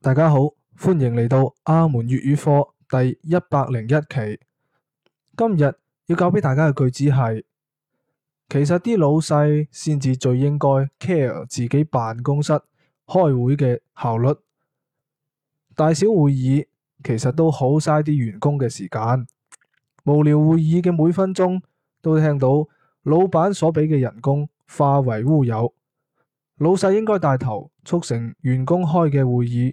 大家好，歡迎嚟到阿門粵語課第一百零一期。今日要教俾大家嘅句子係：其實啲老細先至最應該 care 自己辦公室開會嘅效率，大小會議其實都好嘥啲員工嘅時間。無聊會議嘅每分鐘都聽到老闆所俾嘅人工化為烏有。老細應該帶頭促成員工開嘅會議。